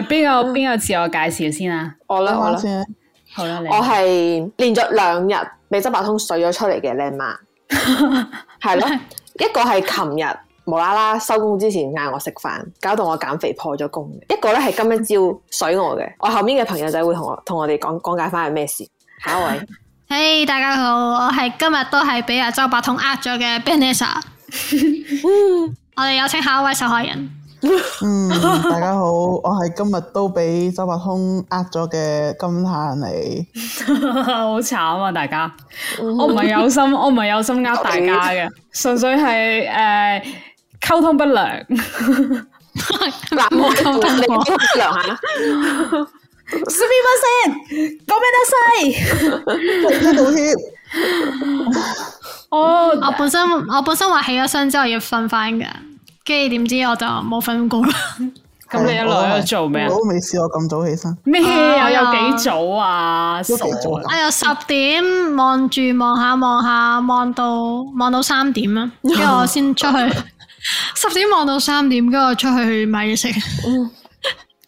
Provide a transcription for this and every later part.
邊個邊個自我介紹先啊？我啦，我啦，好啦，我係連咗兩日俾周伯通水咗出嚟嘅靚媽，係咯，一個係琴日無啦啦收工之前嗌我食飯，搞到我減肥破咗功；一個咧係今日朝水我嘅。我後面嘅朋友仔會同我同我哋講講解翻係咩事。下一位，嘿、hey，大家好，我係今日都係俾阿周伯通呃咗嘅，Banessa，我哋有請下一位受害人。 嗯，大家好，我係今日都俾周伯通呃咗嘅金碳妮。好慘 啊！大家， 我唔係有心，我唔係有心呃大家嘅，純 粹係誒溝通不良。嗱， 我哋 通樣啊？十 p e r c e t 咁咩你真係賭哦！我本身我本身話起咗身之後要瞓翻噶。 跟住點知我就冇份工啦。咁你一路去做咩麼啊？我都未試過咁早起身。咩？我有幾早啊？十？我有十點望住望下望下望到望到三點啦。跟住 我先出去。十 點望到三點，跟住我出去買嘢食。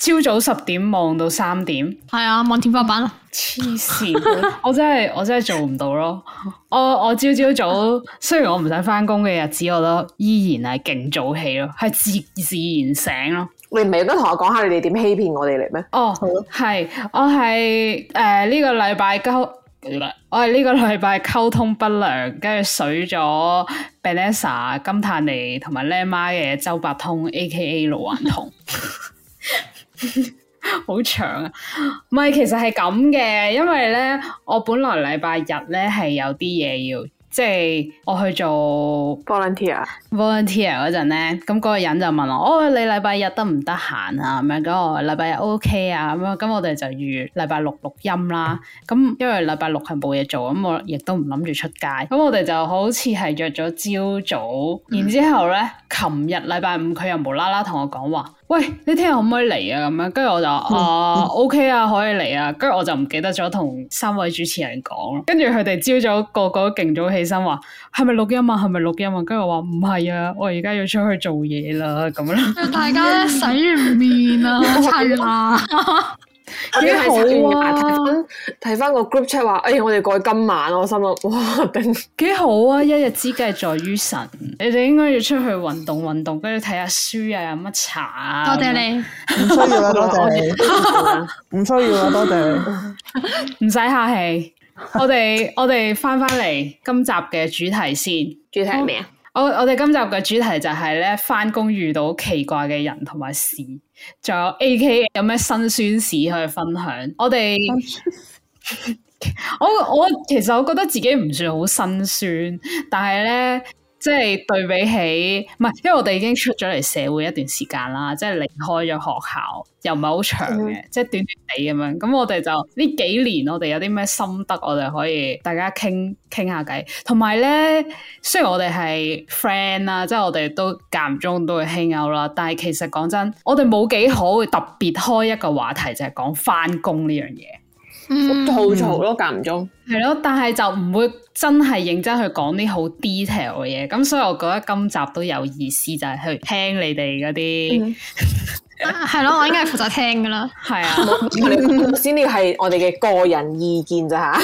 朝 早十點望到三點。係啊，望 天花板黐線！ 我真係我真係做唔到咯。我我朝朝早，雖然我唔使翻工嘅日子，我都依然係勁早起咯，係自自然醒咯。你唔係要跟同我講下你哋點欺騙我哋嚟咩？哦，係我係誒呢個禮拜溝，我係呢、呃這個禮拜溝通不良，跟住水咗 Benessa、金燦妮同埋叻媽嘅周百通 （A. K. A. 老玩童）。 好長啊，唔係，其實係咁嘅，因為咧，我本來禮拜日咧係有啲嘢要，即係我去做 volunteer，volunteer 嗰陣咧，咁嗰個人就問我，哦，你禮拜日得唔得閒啊？咁樣，咁我禮拜日 OK 啊，咁啊，咁我哋就預禮拜六錄音啦。咁因為禮拜六係冇嘢做，咁我亦都唔諗住出街，咁我哋就好似係約咗朝早，然之後咧，琴日禮拜五佢又無啦啦同我講話。喂，你聽日可唔可以嚟啊？咁樣，跟住我就、嗯嗯、啊 OK 啊，可以嚟啊。跟住我就唔記得咗同三位主持人講。跟住佢哋朝早個個都勁早起身，話係咪錄音啊？係咪錄音啊？跟住我話唔係啊，我而家要出去做嘢啦。咁樣，大家洗完面 是啊，差 唔幾好啊！睇翻睇個 group chat 話，哎，我哋改今晚，我心諗，哇，頂！幾好啊！一日之計在於晨，你哋應該要出去運動運動，跟住睇下書啊，飲乜茶啊！多謝你，唔需要啦，多謝你，唔 需要啦，多謝你，唔使客氣。我哋我哋翻翻嚟今集嘅主題先， 主題係咩啊？ 我我哋今集嘅主題就係咧，返工遇到奇怪嘅人同埋事，仲有 AK 有咩辛酸史可以分享。我哋 我我其實我覺得自己唔算好辛酸，但係咧。即係對比起，唔係，因為我哋已經出咗嚟社會一段時間啦，即係離開咗學校，又唔係好長嘅，嗯、即係短短地咁樣。咁我哋就呢幾年，我哋有啲咩心得，我哋可以大家傾傾下偈。同埋咧，雖然我哋係 friend 啦，即係我哋都間唔中都會輕友啦，但係其實講真，我哋冇幾好會特別開一個話題就講，就係講返工呢樣嘢。吐槽咯，間唔中係咯，但係就唔會真係認真去講啲好 detail 嘅嘢，咁所以我覺得今集都有意思，就係去聽你哋嗰啲係咯，我應該係負責聽噶啦，係啊，先呢個係我哋嘅個人意見咋吓，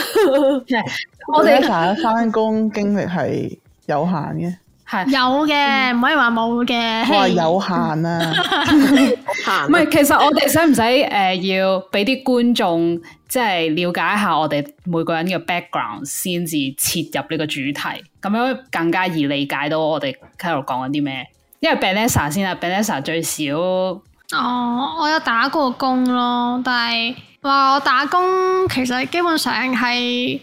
我哋大家翻工經歷係有限嘅，係有嘅，唔可以話冇嘅，我話有限啊，限唔係，其實我哋使唔使誒要俾啲觀眾？即係了解一下我哋每個人嘅 background 先至切入呢個主題，咁樣更加易理解到我哋喺度講緊啲咩。因為 Banessa 先啦 Banessa 最少哦，我有打過工咯，但係話我打工其實基本上係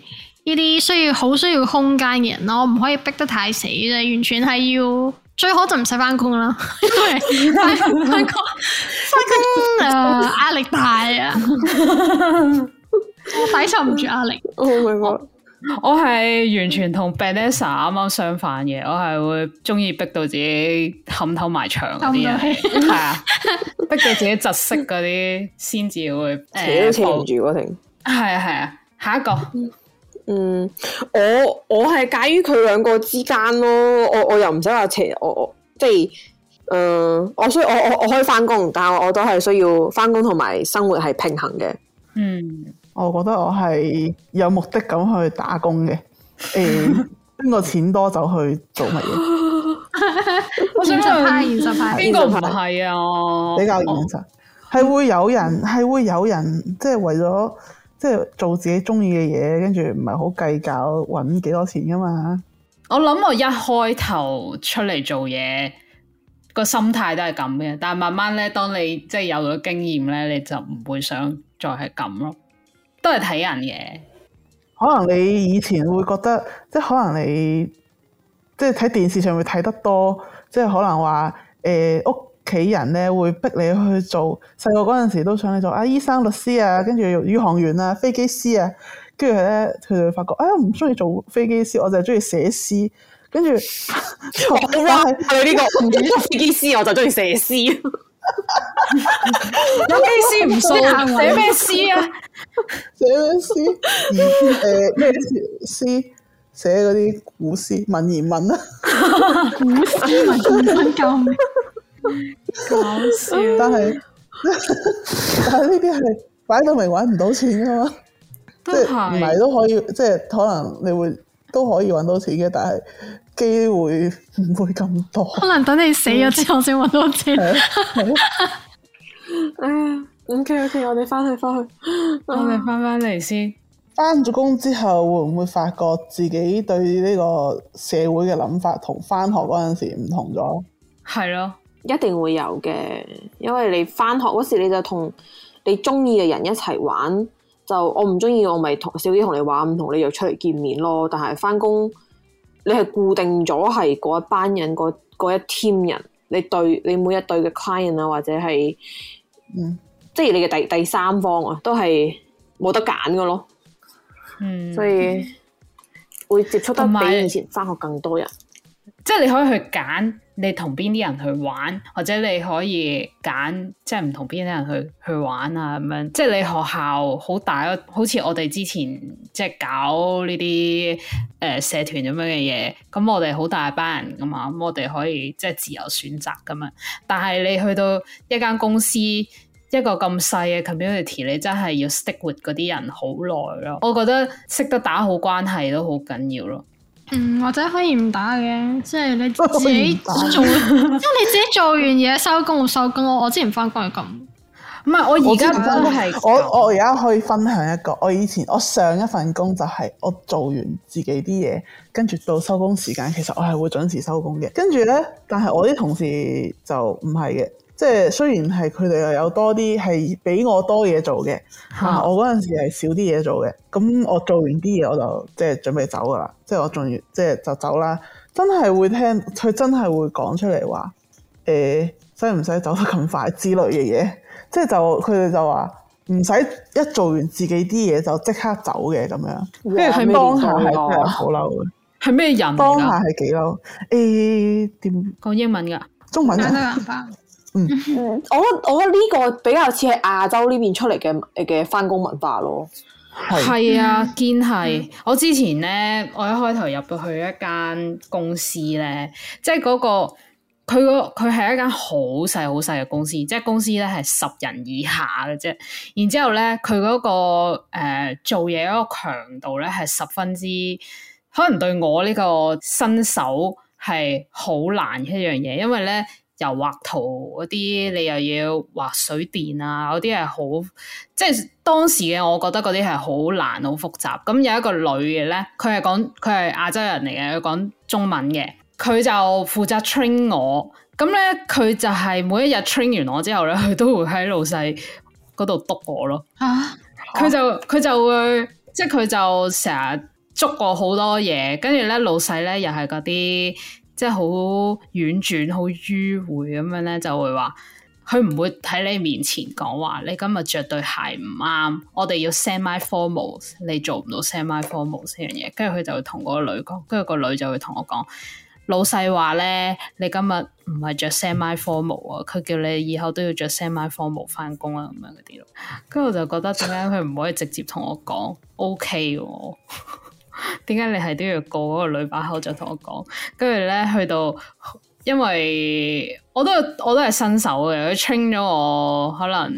呢啲需要好需要空間嘅人咯，我唔可以逼得太死啫，完全係要最好就唔使返工啦，因為返工返工啊壓力大啊。 我抵受唔住壓力、 oh 我，我明係完全同 Banessa 啱啱相反嘅，我係會中意逼到自己冚頭埋牆嗰啲，係 啊，逼到自己窒息嗰啲先至會扯都扯唔住嗰、啊、停，係、嗯、啊係啊，下一個，嗯，我我係介於佢兩個之間咯，我我又唔使話扯，我我即係，誒、呃，我需我我我可以翻工，但係我，我都係需要翻工同埋生活係平衡嘅，嗯。我覺得我係有目的咁去打工嘅，誒邊個錢多就去做乜嘢？ 我想想會，現實派，現實派邊個唔係啊？比較現實，係 會有人係會有人即係、即係、為咗即係做自己中意嘅嘢，跟住唔係好計較揾幾多錢噶嘛。我諗我一開頭出嚟做嘢個心態都係咁嘅，但係慢慢咧，當你即係有咗經驗咧，你就唔會想再係咁咯。都係睇人嘅，可能你以前會覺得，即係可能你即係睇電視上會睇得多，即係可能話誒屋企人咧會逼你去做，細個嗰陣時都想你做啊醫生、律師啊，跟住宇航員啊、飛機師啊，跟住咧佢哋發覺，哎，我唔中意做飛機師，我就中意寫詩，跟住 是、 啊呢個、我唔係你呢個唔中意飛機師，我就中意寫詩。 有機師唔識寫，寫咩詩啊？寫咩詩？而誒咩詩？寫嗰啲古詩文言文啊？古詩文言文咁搞笑。但係是 但係呢啲係擺到明揾唔到錢㗎嘛？都係唔係都可以，即係可能你會都可以揾到錢嘅，但係機會唔會咁多。可能等你死咗之後先揾到錢。 哎呀，OK OK，我哋返去返去，去我哋返返嚟先。返咗工之後會唔會發覺自己對呢個社會嘅諗法同返學嗰陣時唔同咗？係咯的，一定會有嘅，因為你返學嗰時你就同你中意嘅人一齊玩，就我唔中意我咪同小姨同你玩，唔同你約出嚟見面咯。但係返工你係固定咗係嗰一班人，嗰一 team 人，你對你每一隊嘅 client 啊或者係。嗯，即係你嘅第第三方啊，都係冇得揀㗎咯，嗯、所以會接觸得比以前返學更多人，即係你可以去揀。你同邊啲人去玩，或者你可以揀即係唔同邊啲人去去玩啊咁樣。即係你學校好大咯，好似我哋之前即係、就是、搞呢啲誒社團咁樣嘅嘢，咁、嗯、我哋好大班人噶嘛，咁、嗯、我哋可以、嗯、可以即係自由選擇咁嘛。但係你去到一間公司一個咁細嘅 community，你真係要 stick with 嗰啲人好耐咯。我覺得識得打好關係都好緊要咯。嗯，或者可以唔打嘅，即係你自己做完， 因為你自己做完嘢收工就收工咯。我之前返工係咁，唔係我而家唔返工係我我而家可以分享一個，我以前我上一份工就係我做完自己啲嘢，跟住到收工時間，其實我係會準時收工嘅。跟住呢，但係我啲同事就唔係嘅。即係雖然係佢哋又有多啲係畀我多嘢做嘅，嚇、啊、我嗰陣時係少啲嘢做嘅。咁我做完啲嘢我就即係準備走㗎喇，即係我仲要即係就走啦。真係會聽佢真係會講出嚟話，誒使唔使走得咁快之類嘅嘢，即係就佢哋就話唔使一做完自己啲嘢就即刻走嘅咁樣。跟住佢當下係好嬲？係咩人？當下係幾嬲？誒、欸、點講英文㗎？中文 嗯，mm hmm. 我覺得我呢個比較似係亞洲呢邊出嚟嘅嘅返工文化咯。係是啊，堅係。Mm hmm. 我之前咧，我一開頭入到去一間公司咧，即係嗰，嗰個佢，佢係一間好細好細嘅公司，即係公司咧係十人以下嘅啫。然之後咧，佢嗰，嗰個誒做嘢嗰個強度咧係十分之，可能對我呢個新手係好難一樣嘢，因為咧。又畫圖嗰啲，你又要畫水電啊？嗰啲係好即係當時嘅，我覺得嗰啲係好難，好複雜。咁有一個女嘅咧，佢係講佢係亞洲人嚟嘅，佢講中文嘅，佢就負責 train 我。咁咧，佢就係每一日 train 完我之後咧，佢都會喺老細嗰度篤我咯。啊！佢就佢就會，即係佢就成日捉我好多嘢，跟住咧老細咧又係嗰啲。即係好婉轉、好迂回咁樣咧，就會話佢唔會喺你面前講話，你今日着對鞋唔啱，我哋要 semi formal，你做唔到 semi formal 呢樣嘢，跟住佢就會同嗰個女講，跟住個女就會同我講，老細話咧，你今日唔係着 semi formal 啊，佢叫你以後都要着 semi formal 返工啊咁樣嗰啲咯，跟住我就覺得點解佢唔可以直接同我講 OK 喎、哦？ 點解你係都要過嗰個女把口就同我講，跟住咧去到，因為我都我都係新手嘅，佢 train 咗我可能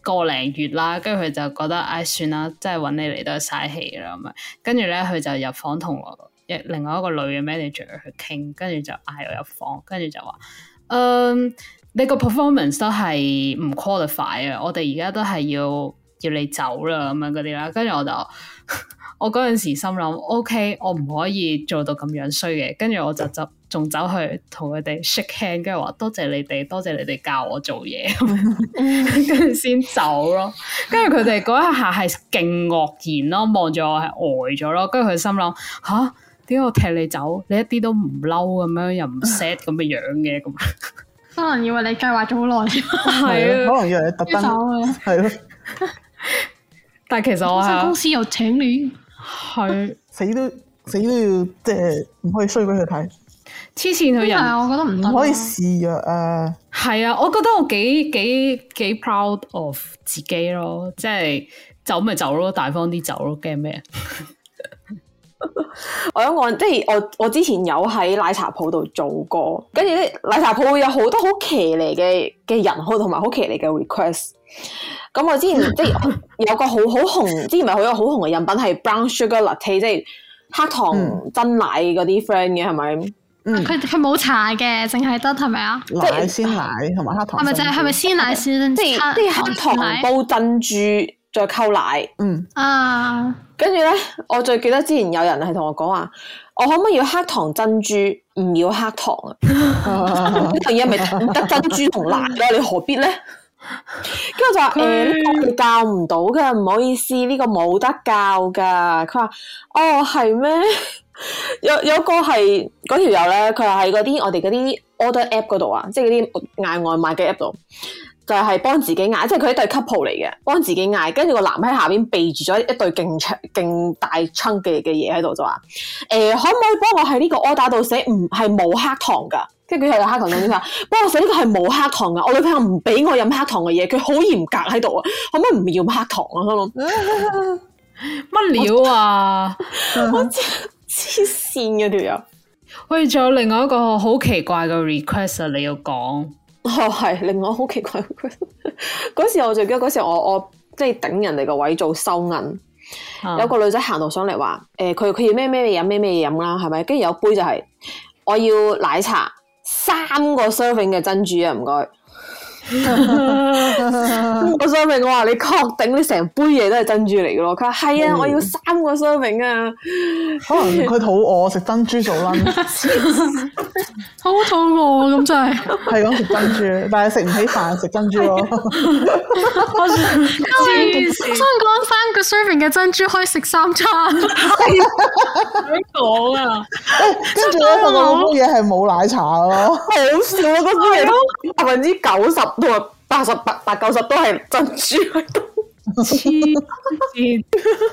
個零月啦，跟住佢就覺得唉、哎，算啦，真係揾你嚟都嘥氣啦咁樣，跟住咧佢就入房同我另外一個女嘅 manager 去傾，跟住就嗌我入房，跟住就話，嗯，你個 performance 都係唔 qualify 啊，我哋而家都係要要你走啦咁樣嗰啲啦，跟住我就。 我嗰陣時心諗，OK，我唔可以做到咁樣衰嘅，跟住我就執仲走去同佢哋 shake hand，跟住話多謝你哋，多謝你哋教我做嘢，咁樣，跟住先走咯。跟住佢哋嗰一下係勁愕然咯，望住我係呆咗咯。跟住佢心諗，吓點解我踢你走？你一啲都唔嬲咁樣，又唔 set 咁嘅樣嘅咁 可能以為你計劃咗好耐，係可能以為你特登走係咯。 但係其實我係公司又請你。係是 死都死都要，即係唔可以衰俾佢睇。黐線佢人，我覺得唔、啊、可以試藥啊示弱。係啊，我覺得我幾幾幾 proud of 自己咯，即係走咪走咯，大方啲走咯，驚咩？ 我諗我，即係我我之前有喺奶茶鋪度做過，跟住咧奶茶鋪有好多好騎呢嘅嘅人，好同埋好騎呢嘅 request。咁我之前、嗯、即係有個好好紅，之前咪好有好紅嘅飲品係 Brown Sugar Latte，即係黑糖珍奶即奶奶珍奶嗰啲 friend 嘅係咪？嗯，佢佢冇茶嘅，淨係得係咪啊？即係鮮奶同埋黑糖，係咪就係係咪鮮奶？即係即係黑糖煲珍珠。再溝奶，嗯啊，跟住咧，我最記得之前有人係同我講話，我可唔可以要黑糖珍珠，唔要黑糖？呢樣嘢咪得珍珠同辣嘅，你何必咧？跟住她、欸、我就話：誒，呢個教唔到嘅，唔好意思，呢、這個冇得教噶。佢話：哦，係咩？有有個係嗰條友咧，佢話喺嗰啲我哋嗰啲 order app 嗰度啊，即係嗰啲嗌外賣嘅 app 度。就係幫自己嗌，即係佢一對 couple 嚟嘅，幫自己嗌。跟住個男喺下邊備住咗一對勁長、勁大蔥嘅嘅嘢喺度，就話：誒、欸，可唔可以幫我喺呢個柯打度寫？唔係冇黑糖㗎。跟住佢又有黑糖，跟住話幫我寫呢個係冇黑糖㗎。我女朋友唔俾我飲黑糖嘅嘢，佢好嚴格喺度啊。可唔可以唔要黑糖啊？我諗乜料啊！我黐線嘅條友。喂，仲有另外一個好奇怪嘅 request、啊、你要講。哦，係令我好奇怪，嗰時我最記得，嗰時我我即係頂人哋個位做收銀，uh, 有個女仔行到上嚟話：，誒、呃，佢佢要咩咩嘢飲咩咩嘢飲啦，係咪？跟住有杯就係、是、我要奶茶三個 serving 嘅珍珠啊，唔該。我 serving 話，你確定你成杯嘢都係珍珠嚟嘅咯？佢話係啊，我要三個 serving 啊。可能佢肚餓，食珍珠做啦，好肚餓咁真係。係講食珍珠，但係食唔起飯，食珍珠咯。真講三個 serving 嘅珍珠可以食三餐。點講啊？誒，跟住咧，佢杯嘢係冇奶茶咯。好笑啊！嗰杯都百分之九十。都話八十八八九十都係珍珠，喺度。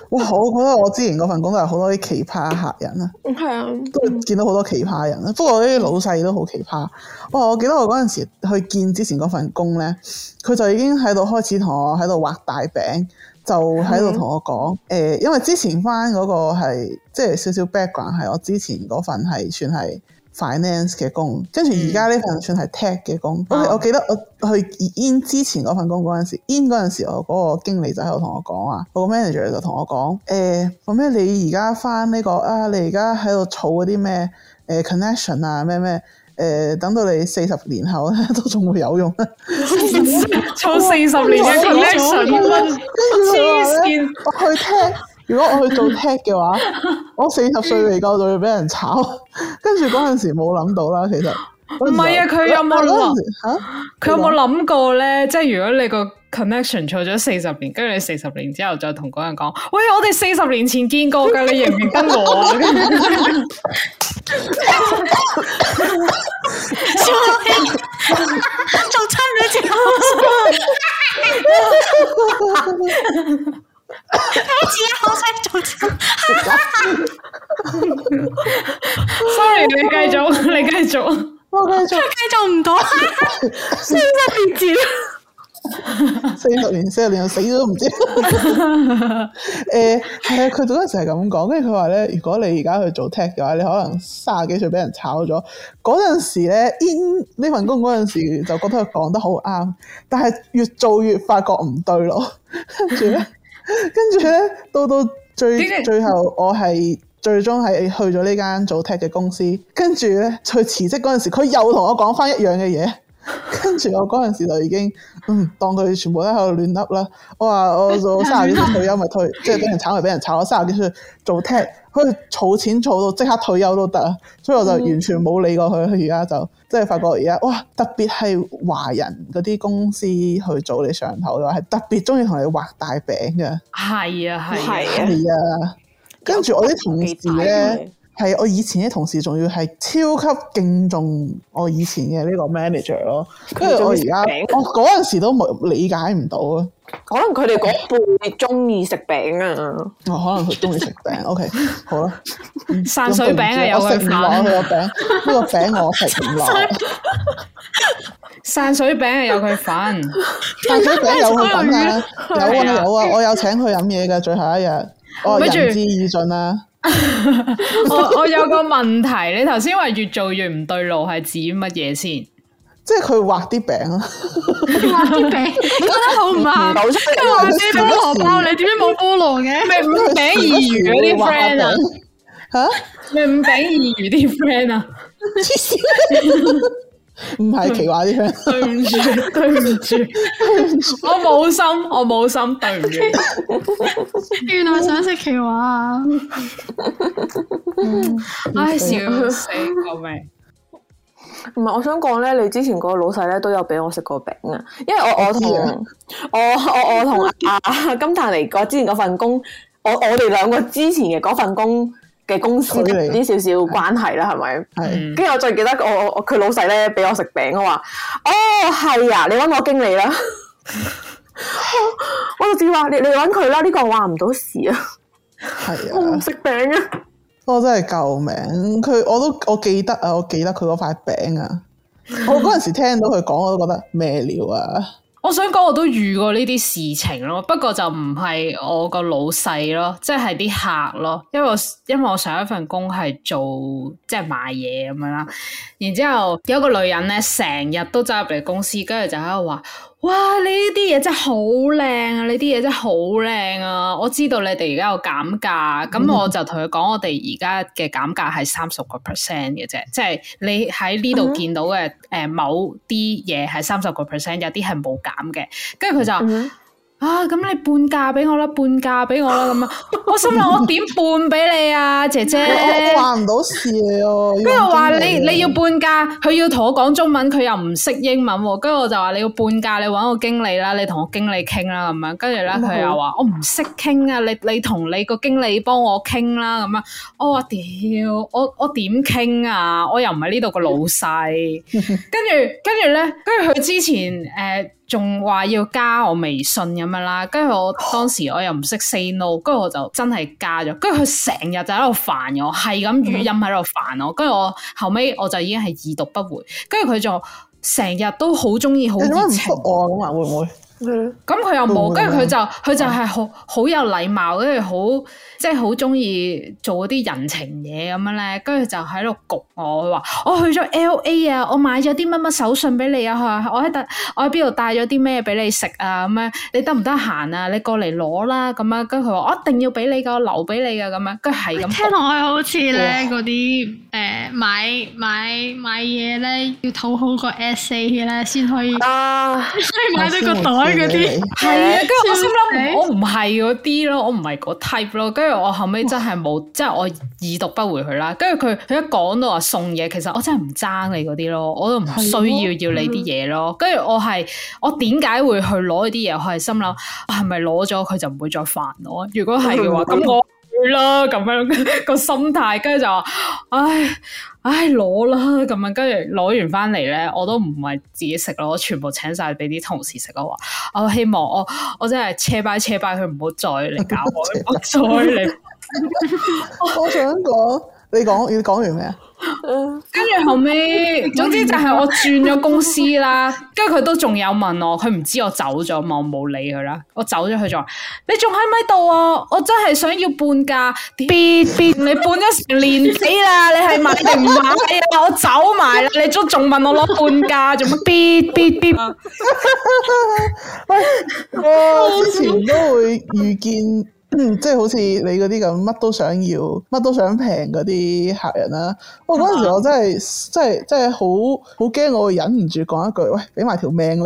哇，我覺得我之前嗰份工都係好多啲奇葩客人啊，係啊，都見到好多奇葩人啦。不過啲老細都好奇葩。哇，我記得我嗰陣時去見之前嗰份工咧，佢就已經喺度開始同我喺度畫大餅，就喺度同我講誒的、呃，因為之前返嗰個係即係少少 background，係我之前嗰份係算係 finance 嘅工，跟住而家呢份算係 tech 嘅工。我記得我去 in 之前嗰份工嗰陣時，in 嗰陣時我嗰個經理就喺度同我講啊，我個 manager 就同我講，誒咁咩你而家返呢個啊，你而家喺度儲嗰啲咩誒 connection 啊，咩咩誒等到你四十年後咧都仲會有用啊！儲四十年嘅 connection，痴線，我去聽。 如果我去做 tag 嘅話， 我四十歲未夠就要俾人炒， 跟住嗰陣時冇諗到啦，其實。唔係啊，佢有冇諗？佢、啊啊、有冇諗過咧？即係如果你個 connection 做咗四十年，跟住你四十年之後再同嗰人講，喂，我哋四十年前見過嘅，你認唔認得我啊？笑死， 做差唔 直到 sorry，你繼續，你繼續，我繼續，繼續唔到，消失變錢四十年，四十年死咗都唔知。誒、 欸，係啊，佢嗰陣時係咁講，跟住佢話咧，如果你而家去做 tech 嘅話，你可能三十幾歲俾人炒咗嗰陣時咧 in 呢份工嗰陣時就覺得佢講得好啱，但係越做越發覺唔對咯。跟住咧，跟住咧，到到。最最後我係最終係去咗呢間組踢嘅公司，跟住咧，佢辭職嗰陣時，佢又同我講翻一樣嘅嘢。 跟住我嗰陣時就已經，嗯，當佢全部都喺度亂笠啦。我話我做卅幾歲退休咪 退，即係俾人炒咪俾人炒。 我卅幾歲出做 t a k 佢可以儲錢儲到即刻退休都得啊。所以我就完全冇理過佢。佢而家就即係發覺而家，哇！特別係華人嗰啲公司去做你上頭嘅話，係特別中意同你畫大餅嘅。係啊係啊，跟住我啲同事咧。係我以前啲同事仲要係超級敬重我以前嘅呢個 manager 咯，跟住我而家我嗰陣時都冇理解唔到啊。可能佢哋嗰半係中意食餅啊，哦，可能佢中意食餅。OK，好啦，散水餅啊，有佢份，呢個餅呢個餅我食唔落，散水餅啊，有佢份。散水餅有佢份啊，有啊有啊，我有請佢飲嘢嘅最後一日，我仁至義盡啊。 我我有個問題，你頭先話越做越唔對路，係指乜嘢先？即係佢畫啲餅啊，畫啲餅，覺得好唔啱，即係畫啲菠蘿包，你點解冇菠蘿嘅？咪五餅二魚嗰啲 friend 啊，吓 經病？咪五餅二魚啲 friend 啊？唔係奇華啲香，對唔住，對唔住，我冇心，我冇心， 對唔不住。 原來想食奇華啊！唉，笑死我命。唔係， 我想講咧，你之前嗰個老細咧都有俾我食過餅啊，因為我我同我我我同阿、啊、金碳妮哥之前嗰份工，我我哋兩個之前嘅嗰份工。嘅公司啲少少關係啦，係咪是？跟住是我最記得我佢老細咧俾我食餅，我話：哦，係啊，你搵我經理啦。 我就只話你你搵佢啦，呢、這個話唔到事了 啊。係啊，我唔食餅啊！我真係救命！佢我都我記得啊，我記得佢嗰塊餅啊。 我嗰陣時聽到佢講，我都覺得咩料啊！我想講我都遇過呢啲事情咯，不過就唔係我個老細咯，即係啲客咯。因為我因為我上一份工係做即係賣嘢咁樣啦，然之後有一個女人咧，成日都走入嚟公司，跟住就喺度話。哇！呢啲嘢真係好靚啊！呢啲嘢真係好靚啊！我知道你哋而家有減價，咁我就同佢講，我哋而家嘅減價係三十個 percent 嘅啫，即係你喺呢度見到嘅誒某啲嘢係三十個 percent，有啲係冇減嘅，跟住佢就。Uh huh. 啊，咁你半價俾我啦，半價俾我啦咁樣。我心諗我點半俾你啊，姐姐！ 我話唔到事啊。跟住話你，你要半價，佢要同我講中文，佢又唔識英文喎。跟住我就話你要半價，你揾個經理啦，你同我經理傾啦咁樣。跟住咧，佢又話我唔識傾啊，你，你同你個經理幫我傾啦咁樣。我話屌，我，我點傾啊？我又唔係呢度個老細。 跟住跟住咧，跟住佢之前誒。呃仲話要加我微信咁樣啦，跟住我當時我又唔識 say no，跟住我就真係加咗，跟住佢成日就喺度煩我，係咁語音喺度煩我，跟住我後尾我就已經係已讀不回，跟住佢就成日都好中意好熱情我咁啊，會唔會？咁佢又冇，跟住佢就佢就係好好有禮貌，跟住好即係好中意做啲人情嘢咁樣咧，跟、嗯、住就喺度焗我，佢話我去咗 L A 啊，我買咗啲乜乜手信俾你啊，佢話我喺度我喺邊度帶咗啲咩俾你食啊咁樣，你得唔得閒啊？你過嚟攞啦咁啊，跟住佢話我一定要俾你噶，我留俾你噶咁啊，跟住係咁。聽落去好似咧嗰啲誒買買買嘢咧，要討好個 S A 咧先可以。啊，所以買咗個袋。嗰係啊，跟住級我心諗級我唔係嗰啲咯，我唔係嗰 type 咯，跟住我後尾真係冇，嗯、即係我已讀不回佢啦。跟住佢佢一講到話送嘢，其實我真係唔爭你嗰啲咯，我都唔需要要你啲嘢咯。跟住、嗯、我係我點解會去攞呢啲嘢？我係心諗係咪攞咗佢就唔會再煩我？如果係嘅話，咁我、嗯。啦，咁樣個心態，跟住就話，唉唉，攞啦咁樣。跟住攞完翻嚟咧，我都唔係自己食咯，我全部請晒俾啲同事食，我話我希望我我真係車拜車拜，佢，唔好再嚟搞我，唔好再嚟。我想講。你講要講完咩啊？跟住後尾，總之就係我轉咗公司啦。跟住佢都仲有問我，佢唔知我走咗嘛？我冇理佢啦。我走咗佢就話：你仲喺唔喺度啊？我真係想要半價，別別，你半咗成年幾啦！你係買你唔買我走埋啦，你都仲問我攞半價，做乜？別別別！我之前都會遇見。嗯，即係好似你嗰啲咁，乜都想要，乜都想平嗰啲客人啦、啊。我嗰陣時我真係，真係，真係好好驚，我會忍唔住講一句，喂，俾埋條命你，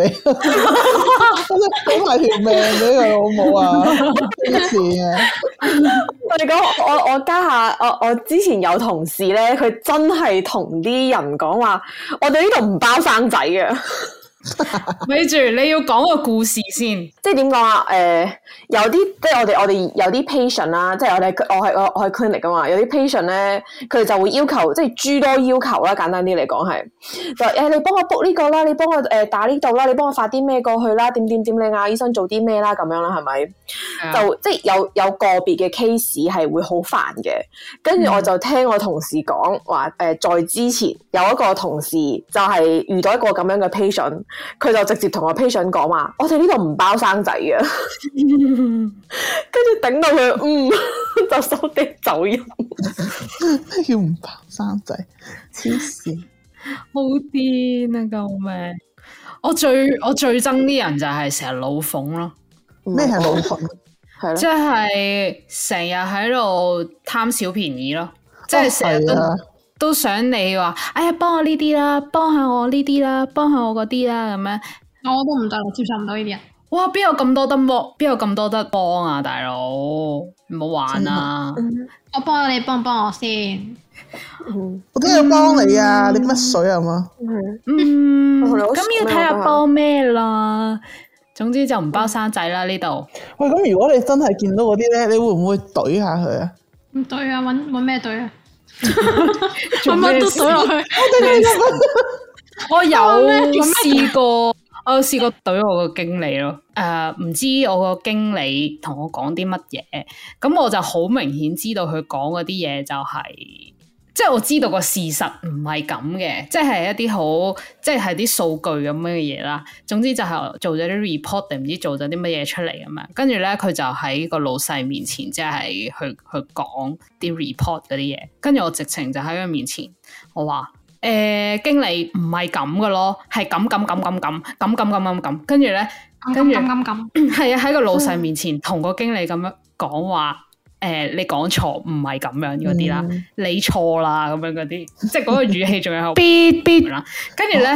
俾埋 條命俾佢好冇啊！黐線嘅。我哋講，我我家下，我我之前有同事咧，佢真係同啲人講話，我哋呢度唔包生仔嘅。咪住， 你要講個故事先，即係點講啊？誒、呃，有啲即係我哋我哋有啲 patient 啦，即係我哋我係我、啊、我係 clinic 噶、啊、嘛。有啲 patient 咧、啊，佢哋就會要求，即係諸多要求啦、啊。簡單啲嚟講係就誒、欸，你幫我 book 呢個啦、啊，你幫我誒、呃、打呢度啦，你幫我發啲咩過去啦、啊，點點點,點、啊，你嗌醫生做啲咩啦，咁樣啦，係咪？Yeah. 就即係有有個別嘅 case 係會好煩嘅，跟住我就聽我同事講話，誒、呃，在之前有一個同事就係遇到一個咁樣嘅 patient。佢就直接同我 patient 講話，我哋呢度唔包生仔嘅，跟住頂到佢，嗯，就，嗯 就收爹走人。咩叫唔包生仔？黐線，好癲啊！救命！我最我最憎啲人就係成日老馮咯。咩係老馮？係咯，即係成日喺度貪小便宜咯，即係成日都。哦都想你話，哎呀，幫我呢啲啦，幫下我呢啲啦，幫下我嗰啲啦，咁樣。我都唔得，我接受唔到呢啲人。哇，邊有咁多得幫？邊有咁多得幫啊，大佬，唔好玩啊！我幫你幫幫我先，我都要幫你啊！你乜水啊嘛？嗯，咁要睇下幫咩啦。總之就唔包生仔啦呢度。喂，咁如果你真係見到嗰啲咧，你會唔會懟下佢啊？唔懟啊，搵咩懟啊？乜 都懟落去 事 我試，我有試過，我試過懟我個經理咯。誒、呃，唔知我個經理同我講啲乜嘢，咁我就好明顯知道佢講嗰啲嘢就係、是。即係我知道個事實唔係咁嘅，即係一啲好，即係啲數據咁樣嘅嘢啦。總之就係做咗啲 report 定唔知做咗啲乜嘢出嚟，咁樣。跟住咧，佢就喺個老細面前，即係去去講啲 report 嗰啲嘢。跟住我直情就喺佢面前我，我話誒，經理唔係咁嘅咯，係咁咁咁咁咁咁咁咁咁咁。跟住咧，跟住咁咁，係啊，喺個老細面前同個經理咁樣講話。誒、嗯，你講錯，唔係咁樣嗰啲啦，你錯啦，咁樣嗰啲，即係嗰個語氣仲有 必必啦。跟住咧，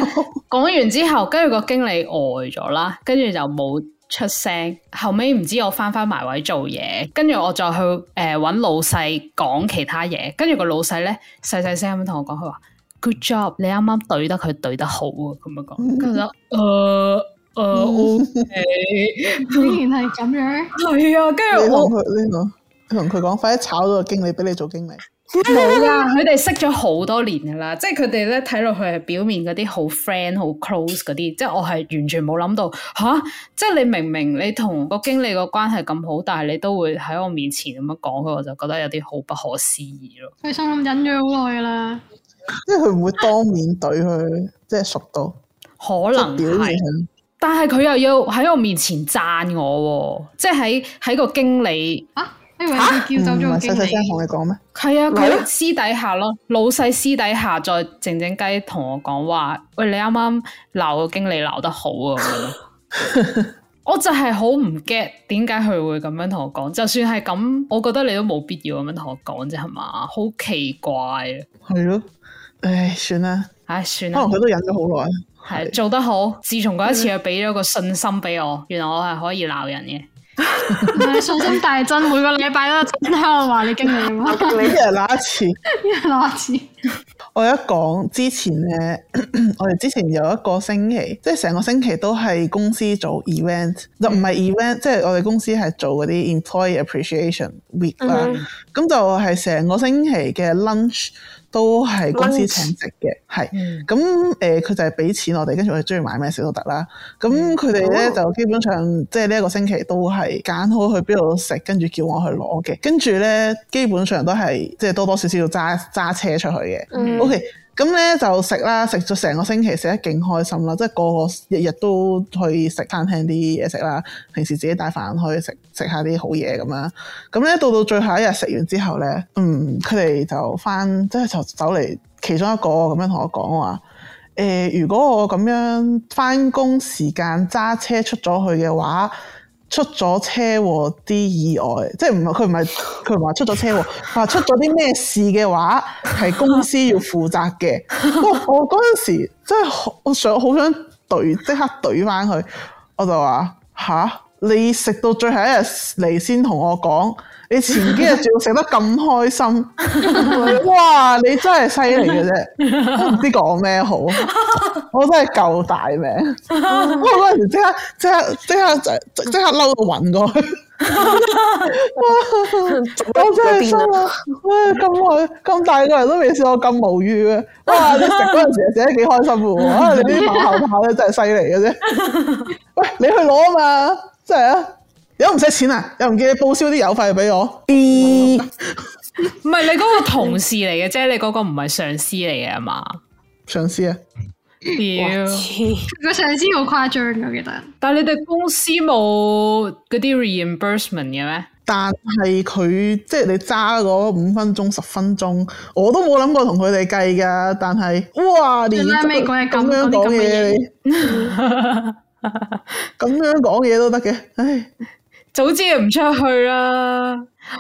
講完之後，跟住個經理呆咗啦，跟住就冇出聲。後尾唔知我返返埋位做嘢，跟住我再去誒搵、呃、老細講其他嘢。跟住個老細咧細細聲咁同我講，佢話：Good job，你啱啱懟得佢懟得好啊！咁樣講，跟住我：誒誒，O K，竟然係咁樣，係啊。跟住我。同佢講，快啲炒咗個經理俾你做經理，冇噶，啊，佢哋 識咗好多年噶啦，即係佢哋咧睇落去係表面嗰啲好 friend、好 close 嗰啲，即係我係完全冇諗到吓，啊，即係你明明你同個經理個關係咁好，但係你都會喺我面前咁樣講佢，我就覺得有啲好不可思議咯。佢心諗忍咗好耐啦，即係佢唔會當面懟佢，啊，即係熟到可能係，表面但係佢又要喺我面前讚我，啊，即係喺喺個經理啊。吓！唔係細細聲同你講咩？係啊，佢、嗯 啊、私底下咯，呃、老細私底下再靜靜雞同我講話。喂，你啱啱鬧個經理鬧得好啊！我,我, 我就係好唔 get，點解佢會咁樣同我講？就算係咁，我覺得你都冇必要咁樣同我講啫，係嘛？好奇怪啊！係咯，唉，算啦，唉、哎，算啦。可能佢都忍咗好耐。係、 啊、做得好，自從嗰一次，佢俾咗個信心俾我，嗯、原來我係可以鬧人嘅。信心大增，每個禮拜都聽我話你經歷嘅嘛。你一日攞一次，一日攞一次。我一講之前咧，我哋之前有一個星期，即係成個星期都係公司做 event，就唔係 event，即係我哋公司係做嗰啲 employee appreciation week 啦。咁就係成個星期嘅 lunch。都係公司請食嘅，係咁誒，佢、呃、就係俾錢給我哋，跟住我哋中意買咩食都得啦。咁佢哋咧就基本上即係呢一個星期都係揀好去邊度食，跟住叫我去攞嘅。跟住咧基本上都係即係多多少少要揸揸車出去嘅。OK。咁咧就食啦，食咗成個星期，食得勁開心啦！即係個個日日都去食餐廳啲嘢食啦，平時自己帶飯去食，食下啲好嘢咁啦。咁咧到到最後一日食完之後咧，嗯，佢哋就返，即係就走嚟其中一個咁樣同我講話，誒、呃，如果我咁樣返工時間揸車出咗去嘅話。出咗車禍啲意外，即係唔係佢唔係佢話出咗車禍，話、 啊、出咗啲咩事嘅話，係公司要負責嘅。 我我嗰時真係我想好想懟即刻懟翻佢，我就話吓。你食到最後一日嚟先同我講，你前幾日仲要食得咁開心，哇！你真係犀利嘅啫，唔知講咩好，我真係夠大命！ 我嗰陣時即刻即刻即刻即刻嬲到暈過去， 啊、我真係心啊！哇、哎，咁耐咁大個人都未試過咁無語嘅，哇！你食嗰陣時食得幾開心嘅，啊！你啲、啊、馬後炮真係犀利嘅啫， 喂！你去攞啊嘛！真係啊！又唔使錢啊！又唔見你報銷啲油費俾我。B，唔係你嗰個同事嚟嘅啫，就是、你嗰個唔係上司嚟嘅啊嘛？上司啊，屌！個上司好誇張噶，我記得。但係你哋公司冇嗰啲 reimbursement 嘅咩？但係佢即係你揸嗰五分鐘十分鐘，我都冇諗過同佢哋計噶。但係，哇！你啱咩講嘢咁講嘢。 咁 樣講嘢都得嘅，唉！早知唔出去啦。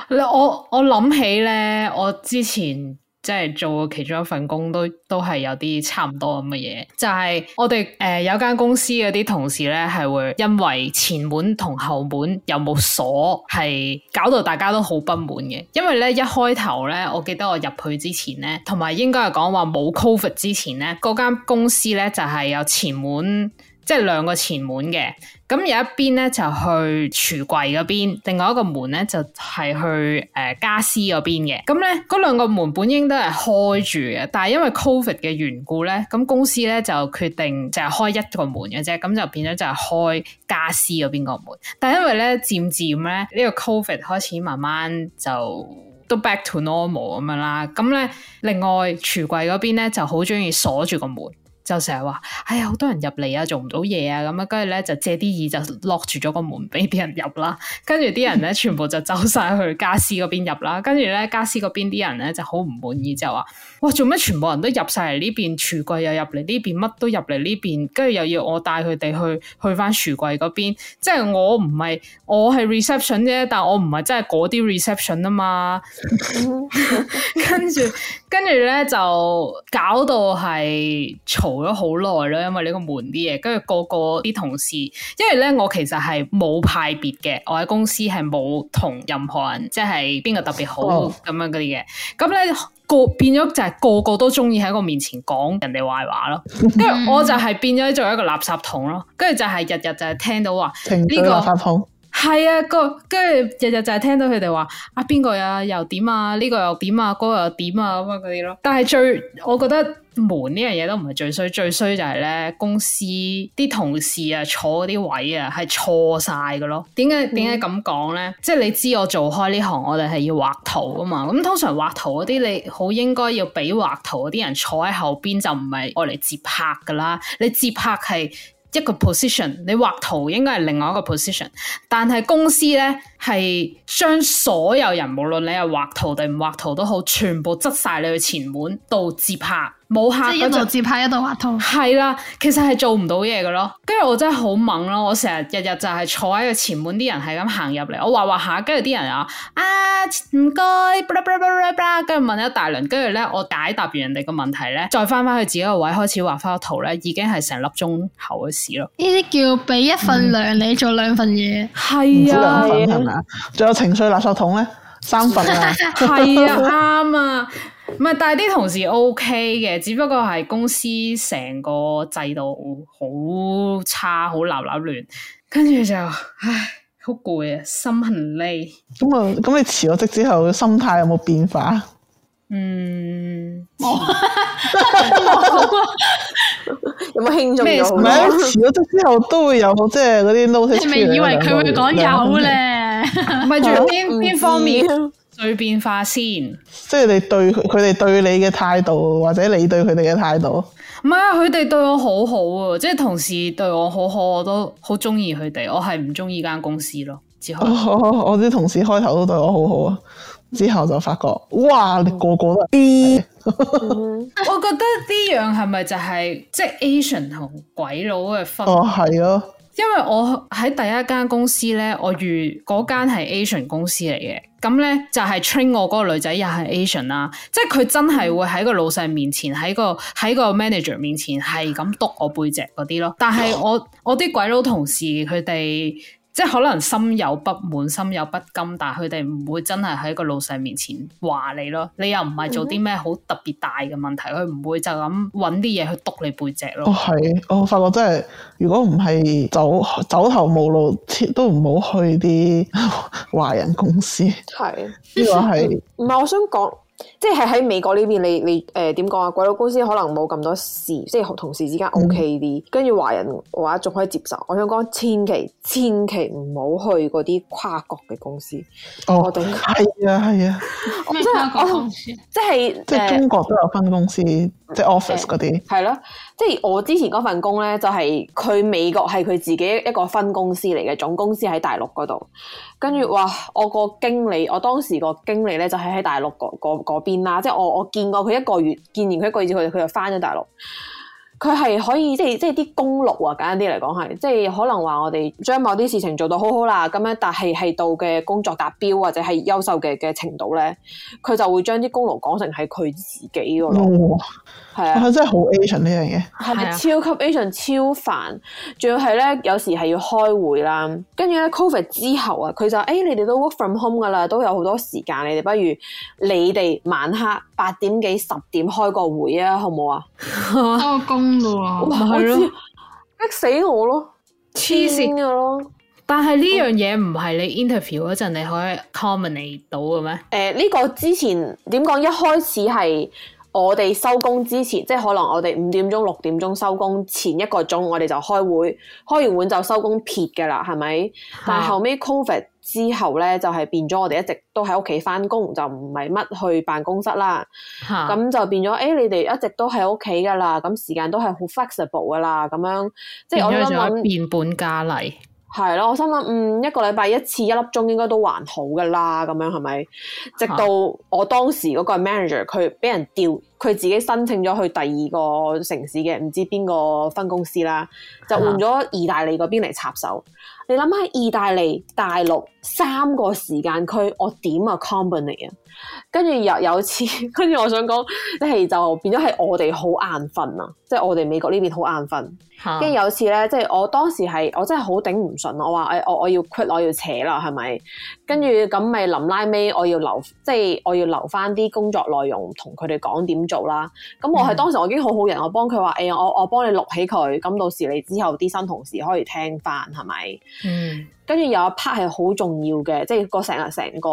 你我我諗起咧，我之前即係做過其中一份工都，都都係有啲差唔多咁嘅嘢。就係、是、我哋誒、呃、有間公司嗰啲同事咧，係會因為前門同後門有冇鎖，係搞到大家都好不滿嘅。因為咧一開頭咧，我記得我入去之前咧，同埋應該係講話冇 COVID 之前咧，嗰間公司咧就係、是、有前門。即係兩個前門嘅，咁有一邊咧就去櫥櫃嗰邊，另外一個門咧就係、是、去誒、呃、家私嗰邊嘅。咁咧嗰兩個門本應該都係開住嘅，但係因為 Covid 嘅緣故咧，咁公司咧就決定就係開一個門嘅啫，咁就變咗就係開家私嗰邊個門。但係因為咧漸漸咧呢，漸漸呢、這個 Covid 開始慢慢就都 back to normal 咁樣啦。咁咧另外櫥櫃嗰邊咧就好中意鎖住個門。就成日話，哎呀，好多人入嚟啊，做唔到嘢啊，咁啊，跟住咧就借啲意，就落住咗個門俾啲人入啦，跟住啲人咧全部就走晒去家私嗰邊入啦，跟住咧家私嗰邊啲人咧就好唔滿意，就話，哇，做咩全部人都入晒嚟呢邊，櫥櫃又入嚟呢邊，乜都入嚟呢邊，跟住又要我帶佢哋去去翻櫥櫃嗰邊，即係我唔係我係 reception 啫，但我唔係真係嗰啲 reception 啊嘛，跟住。跟住咧就搞到係嘈咗好耐咯，因為呢個悶啲嘢，跟住個個啲同事，因為咧我其實係冇派別嘅，我喺公司係冇同任何人，即係邊個特別好咁、oh. 樣嗰啲嘅，咁咧個變咗就係個個都中意喺我面前講人哋壞話咯，跟住我就係變咗做一個垃圾桶咯，跟住就係日日就係聽到話停呢個垃圾桶。係啊，個跟住日日就係聽到佢哋話啊邊個啊又點啊呢個又點啊嗰、個又點啊咁啊嗰啲咯。但係最我覺得悶呢樣嘢都唔係最衰，最衰就係咧公司啲同事啊坐嗰啲位啊係錯晒嘅咯。點解點解咁講咧？么么嗯、即係你知我做開呢行，我哋係要畫圖啊嘛。咁、嗯、通常畫圖嗰啲，你好應該要俾畫圖嗰啲人坐喺後邊，就唔係我嚟，接拍噶啦。你接拍係。一個 position，你畫圖應該係另外一個 position，但係公司咧係將所有人，無論你係畫圖定唔畫圖都好，全部執晒你去前門度接客。冇客一度接拍一度畫圖。係啦，其實係做唔到嘢嘅咯。跟住我真係好猛咯，我成日日日就係坐喺個前門，啲人係咁行入嚟，我畫畫下。跟住啲人又啊，唔該，跟住問一大輪。跟住咧，我解答完人哋個問題咧，再翻翻去自己個位開始畫翻個圖咧，已經係成粒鐘後嘅事咯。呢啲叫俾一份糧，你做兩份嘢。係唔止兩份係咪啊？仲有情緒垃圾桶咧，三份啦。係啊，啱啊。唔係，但係啲同事 O K 嘅，只不過係公司成個制度好差，好立立亂，跟住就唉，好攰啊，心痕累。咁啊、嗯，咁你辭咗職之後，心態有冇變化啊？嗯，有冇輕鬆咩？唔係，辭咗職之後都會有，即係嗰啲 notice。係咪以為佢會講有咧，唔 係，仲有邊邊方面？ 最變化先，即係你對佢哋對你嘅態度，或者你對佢哋嘅態度。唔係啊，佢哋對我好好啊，即係同事對我好好，我都好中意佢哋。我係唔中意間公司咯，之後、哦哦。我我啲同事開頭都對我好好啊，之後就發覺，哇！嗯、你個個都 B。我覺得呢樣係咪就係、是、即係 Asian 同鬼佬嘅分？哦，係囉。因為我喺第一間公司咧，我遇嗰間係 Asian 公司嚟嘅，咁咧就係 train 我嗰個女仔又係 Asian 啦，As ian，即係佢真係會喺個老細面前，喺個喺個 manager 面前係咁督我背脊嗰啲咯，但係我我啲鬼佬同事佢哋。即係可能心有不滿、心有不甘，但係佢哋唔會真係喺個老細面前話你咯。你又唔係做啲咩好特別大嘅問題，佢唔、嗯、會就咁揾啲嘢去督你背脊咯。哦，係，我發覺真係，如果唔係走走投無路，都唔好去啲華人公司。係的，呢個係唔係？我想講。即係喺美國呢邊，你你誒點講啊？鬼佬公司可能冇咁多事，即係同事之間 OK 啲，跟住、嗯、華人嘅話仲可以接受。我想講千祈千祈唔好去嗰啲跨國嘅公司。哦，我哋就。係啊，係啊， 即係即係、呃、中國都有分公司。即係 office 嗰啲係咯，即係我之前嗰份工咧，就係佢美國係佢自己一個分公司嚟嘅，總公司喺大陸嗰度。跟住哇，我個經理，我當時個經理咧就係喺大陸嗰嗰嗰邊啦。即係我我見過佢一個月，見完佢一個月之後，佢就翻咗大陸。佢係可以即係即係啲功勞啊，簡單啲嚟講係，即係可能話我哋將某啲事情做到好好啦，咁樣但係係到嘅工作達標或者係優秀嘅嘅程度咧，佢就會將啲功勞講成係佢自己個咯。嗯係啊，真係好 Asian 呢樣嘢，係咪超級 Asian 超煩？仲要係咧，有時係要開會啦。跟住咧，Covid 之後啊，佢就誒、欸，你哋都 work from home 噶啦，都有好多時間。你哋不如你哋晚黑八點幾十點開個會啊，好唔好啊？收工啦！咪係咯，逼死我咯，黐線嘅咯。但係呢樣嘢唔係你 interview 嗰陣你可以 comment 到嘅咩？誒、呃，呢、呢個之前點講？一開始係。我哋收工之前，即係可能我哋五點鐘、六點鐘收工前一個鐘，我哋就開會，開完會就收工撇㗎啦，係咪？但後尾 COVID 之後咧，就係、是、變咗我哋一直都喺屋企返工，就唔係乜去辦公室啦。咁、啊、就變咗，誒、哎、你哋一直都喺屋企㗎啦，咁時間都係好 flexible 㗎啦，咁樣即係我諗變，變本加厲。係咯，我心諗嗯，一個禮拜一次一粒鐘應該都還好㗎喇，咁樣係咪？直到我當時嗰個 manager 佢畀人吊。佢自己申請咗去第二個城市嘅，唔知邊個分公司啦，的就換咗意大利嗰邊嚟插手。你諗下，意大利大陸三個時間區，我點啊 combine 啊？跟住又有,有次，跟 住我想講，即係 就,就變咗係我哋好眼瞓啊，即係我哋美國呢邊好眼瞓。跟住、嗯、有次咧，即係我當時係我真係好頂唔順，我話誒我我,我要 quit 我要扯啦，係咪？跟住咁咪臨拉尾我要留，即係我要留返啲、就是、工作內容同佢哋講點。做啦，咁我係當時我已經好好人，我幫佢話，誒、欸，我我幫你錄起佢，咁到時你之後啲新同事可以聽翻，係咪？嗯。跟住有一 part 係好重要嘅，即係個成日成個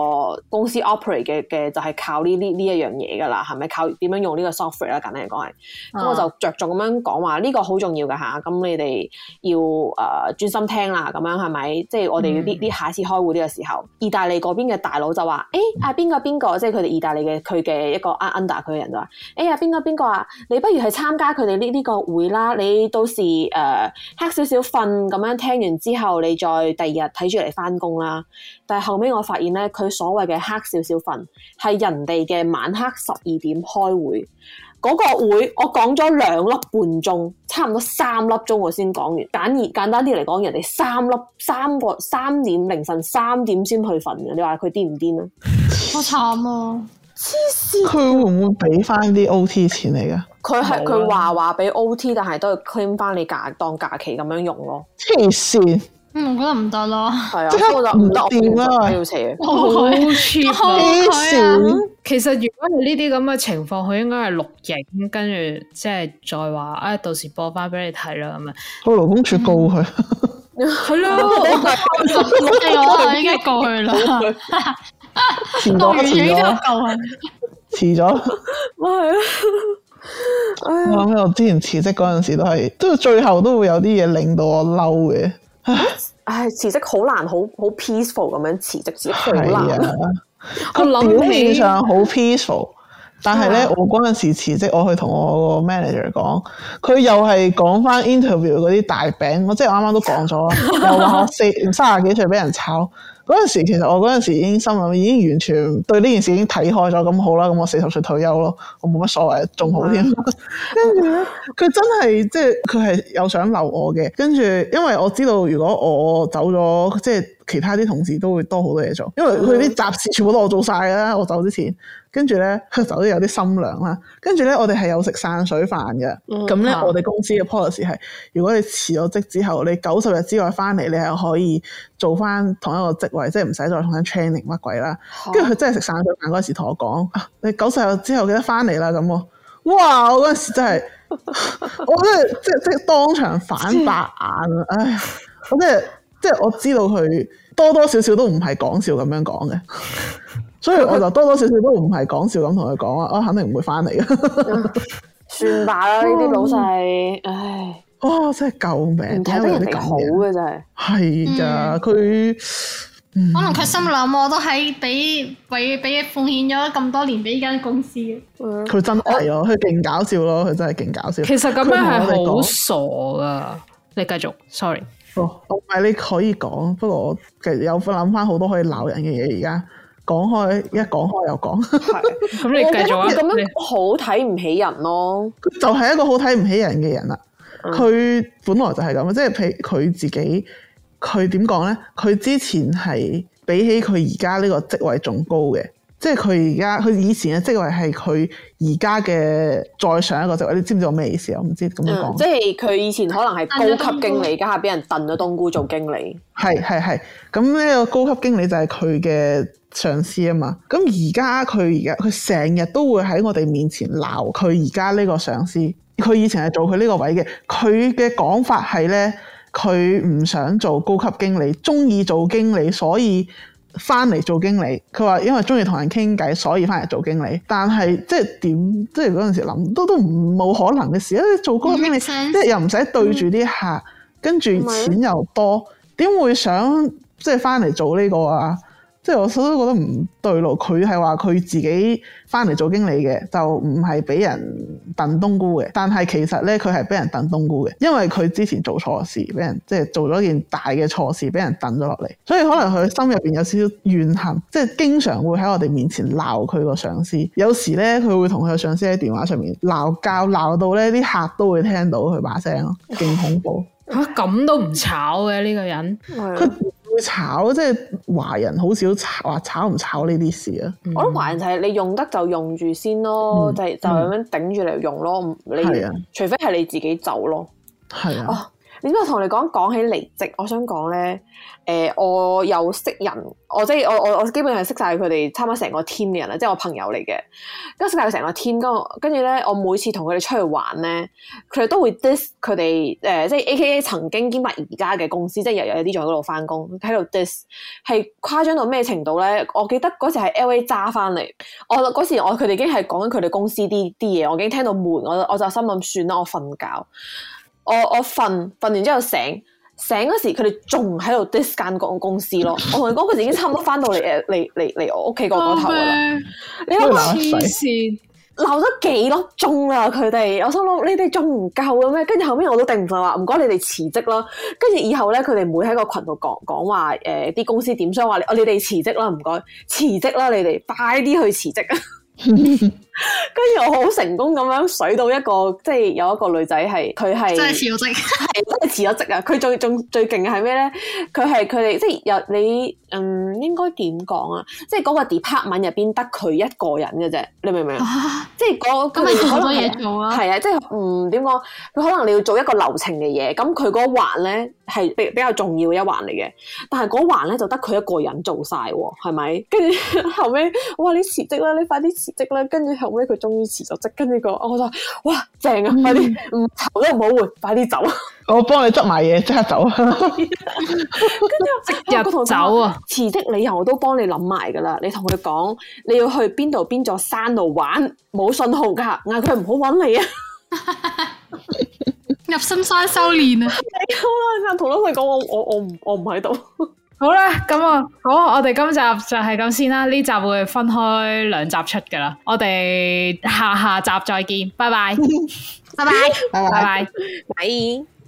公司 operate 嘅嘅就係靠呢呢呢一樣嘢噶啦，係咪？靠點樣用呢個 software 啦、啊？簡單嚟講係，咁、uh huh. 我就着重咁樣講話呢個好重要嘅吓，咁你哋要誒專、呃、心聽啦，咁樣係咪？即係我哋呢啲下一次開會呢個時候，mm hmm. 意大利嗰邊嘅大佬就話誒、mm hmm. 欸、啊邊個邊個即係佢哋意大利嘅佢嘅一個阿 under 佢嘅人就話誒、欸、啊邊個邊個啊？你不如去參加佢哋呢呢個會啦。你到時誒、呃、黑少少瞓，咁樣聽完之後你再第二日睇住嚟翻工啦，但係後尾我發現咧，佢所謂嘅黑少少瞓係人哋嘅晚黑十二點開會，嗰個會我講咗兩粒半鐘，差唔多三粒鐘我先講完。簡而簡單啲嚟講，人哋三粒三個三點凌晨三點先去瞓嘅，你話佢癲唔癲啊？好慘啊！黐線啊！佢會唔會俾翻啲 O T 錢嚟噶？佢係佢話話俾 O T，但係都要 claim 翻你假當假期咁樣用咯。黐線！嗯，我覺得唔得咯，係 Okay. 啊，即係我就唔得啦，要辭我好黐啊，少。其實如果係呢啲咁嘅情況，佢應該係錄影，跟住即係再話啊，到時播翻俾你睇啦咁啊。我勞工處告佢，係咯，我我已經過去啦，遲咗，遲咗，我諗我之前辭職嗰陣時都係，都最後都會有啲嘢令到我嬲嘅。唉，辭、哎、職好難，好好 peaceful 咁樣辭職，真係好難。佢、啊、表面上好 peaceful，但係咧，哇我嗰陣時辭職，我去同我個 manager 講，佢又係講翻 interview 嗰啲大餅，我即係啱啱都講咗，又話我四三十幾歲俾人炒。 嗰陣時其實我嗰陣時已經心諗，已經完全對呢件事已經睇開咗，咁好啦，咁我四十歲退休咯，我冇乜所謂，仲好添。 跟住咧，佢真係即係佢係有想留我嘅，跟住因為我知道如果我走咗，即係。其他啲同事都會多好多嘢做，因為佢啲雜事全部都我做晒㗎啦。我走之前，跟住咧佢走都有啲心涼啦。跟住咧，我哋係有食散水飯嘅。咁咧、嗯，啊、我哋公司嘅 policy 係，如果你辭咗職之後，你九十日之外翻嚟，你又可以做翻同一個職位，即係唔使再重新 training 乜鬼啦。跟住佢真係食散水飯嗰陣時，同我講：你九十日之後記得翻嚟啦。咁，哇！我嗰陣時真係， 我真係即即，即當場反白眼啊！唉，我真係～ 即係我知道佢多多少少都唔係講笑咁樣講嘅，所以我就多多少少都唔係講笑咁同佢講啊，我肯定唔會翻嚟嘅。算罷啦，呢啲老細，唉，哇、哦，真係救命！睇到人真係好嘅，真係係噶，佢可能佢心諗，我都喺俾俾俾奉獻咗咁多年俾呢間公司佢、嗯、真係啊，佢勁搞笑咯，佢真係勁搞笑。搞笑其實咁樣係好傻噶，你繼續，sorry。哦，唔係你可以講，不過我其實有諗翻好多可以鬧人嘅嘢。而家講開一講開又講，咁是 你繼續啊！咁樣好睇唔起人咯，就係一個好睇唔起人嘅人啦。佢、嗯、本來就係咁，即係佢佢自己，佢點講咧？佢之前係比起佢而家呢個職位仲高嘅。即係佢而家，佢以前嘅職位係佢而家嘅再上一個職位，你知唔知我咩意思啊？我唔知咁樣講。即係佢以前可能係高級經理，家下俾人燉咗冬菇做經理。係係係，咁呢個高級經理就係佢嘅上司啊嘛。咁而家佢而家佢成日都會喺我哋面前鬧佢而家呢個上司。佢以前係做佢呢個位嘅，佢嘅講法係咧，佢唔想做高級經理，中意做經理，所以。翻嚟做經理，佢話因為中意同人傾偈，所以翻嚟做經理。但係即係點，即係嗰陣時諗都都冇可能嘅事。因做嗰個經理， 即係又唔使對住啲客， 跟住錢又多，點會想即係翻嚟做呢個啊？即係我我都覺得唔對路，佢係話佢自己翻嚟做經理嘅，就唔係俾人燉冬菇嘅。但係其實咧，佢係俾人燉冬菇嘅，因為佢之前做錯事，俾人即係做咗件大嘅錯事，俾人燉咗落嚟。所以可能佢心入邊有少少怨恨，即係經常會喺我哋面前鬧佢個上司。有時咧，佢會同佢上司喺電話上面鬧交，鬧到咧啲客都會聽到佢把聲咯，勁恐怖嚇！咁都唔炒嘅呢個人，佢。炒，即係華人好少炒，話炒唔炒呢啲事啊！我覺得華人就係你用得就用住先咯，嗯、就就咁樣頂住嚟用咯。嗯、你係啊，除非係你自己走咯，係啊。點解我同你講講起離職，我想講咧，誒、呃，我有識人，我即係我我我基本上係識晒佢哋差唔多成個 team 嘅人啦，即係我朋友嚟嘅，跟住識曬佢成個 team。跟住咧，我每次同佢哋出去玩咧，佢哋都會 diss 佢哋，誒、呃，即係 A K A 曾經兼埋而家嘅公司，即係日日有啲仲喺度翻工喺度 diss，係誇張到咩程度咧？我記得嗰時係 L A 揸翻嚟，我嗰時我佢哋已經係講緊佢哋公司啲啲嘢，我已經聽到悶，我我就心諗算啦，我瞓覺。我我瞓瞓完之後醒醒嗰時，佢哋仲喺度 dis 間個公司咯。 我同你講，佢哋已經差唔多翻到嚟嚟嚟嚟我屋企個嗰頭啦。你講黐線，鬧咗、哦、幾多鐘啦？佢哋，我心諗你哋仲唔夠嘅咩？跟住後面我都定唔就話，唔該你哋辭職啦。跟住以後咧，佢哋唔會喺個群度講講話誒啲公司點衰話你。你哋辭職啦，唔該辭職啦，你哋快啲去辭職。 跟住我好成功咁樣水到一個，即係有一個女仔係佢係，真係辭咗職，佢辭咗職啊！佢最仲最勁係咩咧？佢係佢哋即係有你嗯，應該點講啊？即係嗰個 department 入邊得佢一個人嘅啫，你明唔明啊？即係嗰個咁多嘢做啊，係啊！即係嗯，點講？佢可能你要做一個流程嘅嘢，咁佢嗰環咧係比比較重要嘅一環嚟嘅，但係嗰環咧就得佢一個人做晒，係咪？跟住後尾我話，你辭職啦，你快啲辭職啦！跟住後。後屘佢終於辭職，跟住個我話：哇，正啊！快啲唔投都唔好換，快啲走！我幫你執埋嘢，即刻走！跟住我個同事話：辭職理由我都幫你諗埋噶啦，你同佢哋講你要去邊度邊座山度玩，冇信號噶，嗌佢唔好搵你啊！ 入深山修煉啊！好啦、 嗯，我同佢講我我我唔我唔喺度。好啦，咁啊，好，我哋今集就係咁先啦，呢集會分開兩集出㗎啦，我哋下下集再見，拜拜，拜拜，拜拜，拜。